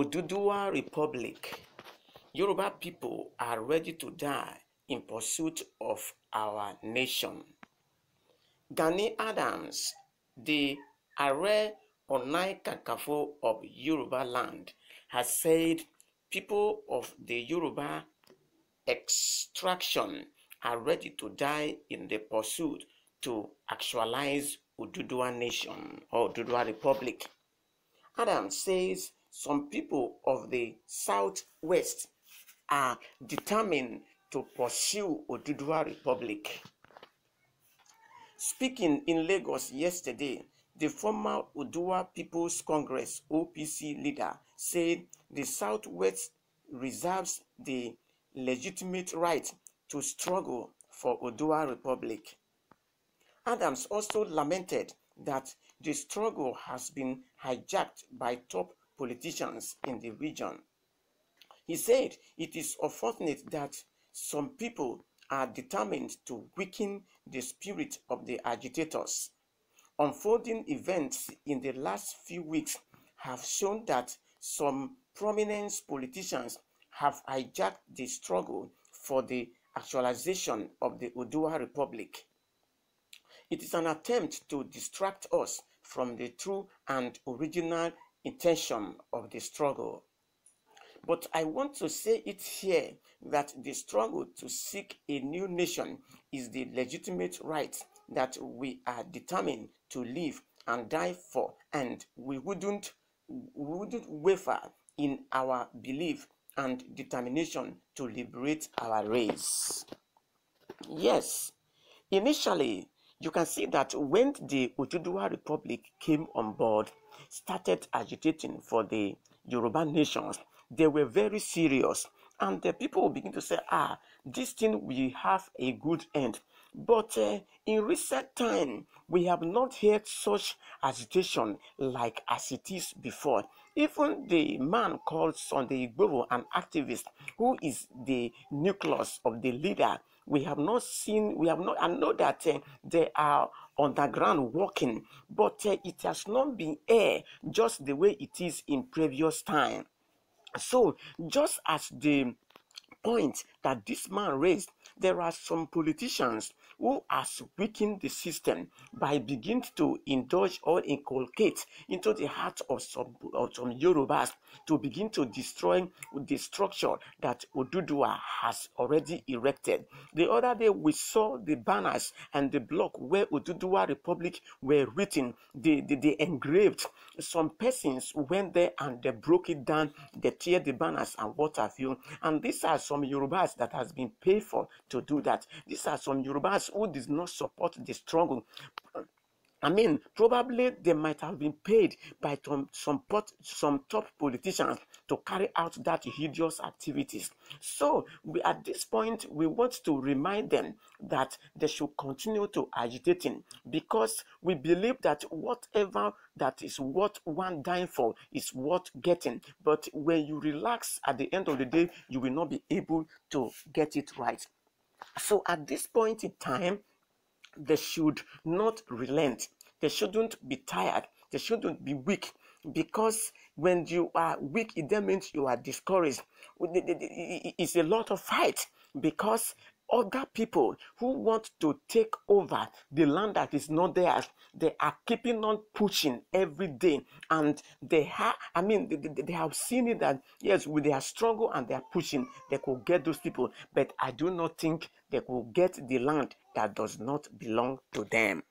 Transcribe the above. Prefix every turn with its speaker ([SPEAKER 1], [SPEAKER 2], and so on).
[SPEAKER 1] Oduduwa Republic, Yoruba people are ready to die in pursuit of our nation. Gani Adams, the Are Onai Kakafo of Yoruba land, has said people of the Yoruba extraction are ready to die in the pursuit to actualize Oduduwa Nation or Oduduwa Republic. Adams says some people of the southwest are determined to pursue Odudua Republic. Speaking in Lagos yesterday, the former Odua People's Congress OPC leader said the Southwest reserves the legitimate right to struggle for Odua Republic. Adams also lamented that the struggle has been hijacked by top politicians in the region. He said it is unfortunate that some people are determined to weaken the spirit of the agitators. Unfolding events in the last few weeks have shown that some prominent politicians have hijacked the struggle for the actualization of the Odua Republic. It is an attempt to distract us from the true and original intention of the struggle. But I want to say it here that the struggle to seek a new nation is the legitimate right that we are determined to live and die for, and we wouldn't, wouldn't waver in our belief and determination to liberate our race. Yes, initially, you can see that when the Ojudua Republic came on board, started agitating for the Yoruba nations, they were very serious. And the people begin to say, ah, this thing will have a good end. But uh, in recent time, we have not heard such agitation like as it is before. Even the man called Sunday Igboho, an activist who is the nucleus of the leader we have not seen, we have not, I know that uh, they are underground walking, but uh, it has not been air just the way it is in previous time. So just as the point that this man raised, there are some politicians who has weakened the system by beginning to indulge or inculcate into the heart of some, of some Yorubas to begin to destroy the structure that Odudua has already erected. The other day we saw the banners and the block where Odudua Republic were written, they, they, they engraved. Some persons went there and they broke it down, they tear the banners and what have you. And these are some Yorubas price that has been paid for to do that. These are some Yorubas who does not support the struggle I mean, probably they might have been paid by some, some, pot, some top politicians to carry out that hideous activities. So, we, at this point, we want to remind them that they should continue to agitating because we believe that whatever that is what one dying for is worth getting. But when you relax at the end of the day, you will not be able to get it right. So, at this point in time, they should not relent. They shouldn't be tired. They shouldn't be weak because when you are weak, it then means you are discouraged. It's a lot of fight because other people who want to take over the land that is not theirs they are keeping on pushing every day and they have i mean they, they, they have seen it that yes with their struggle and their pushing they could get those people but i do not think they could get the land that does not belong to them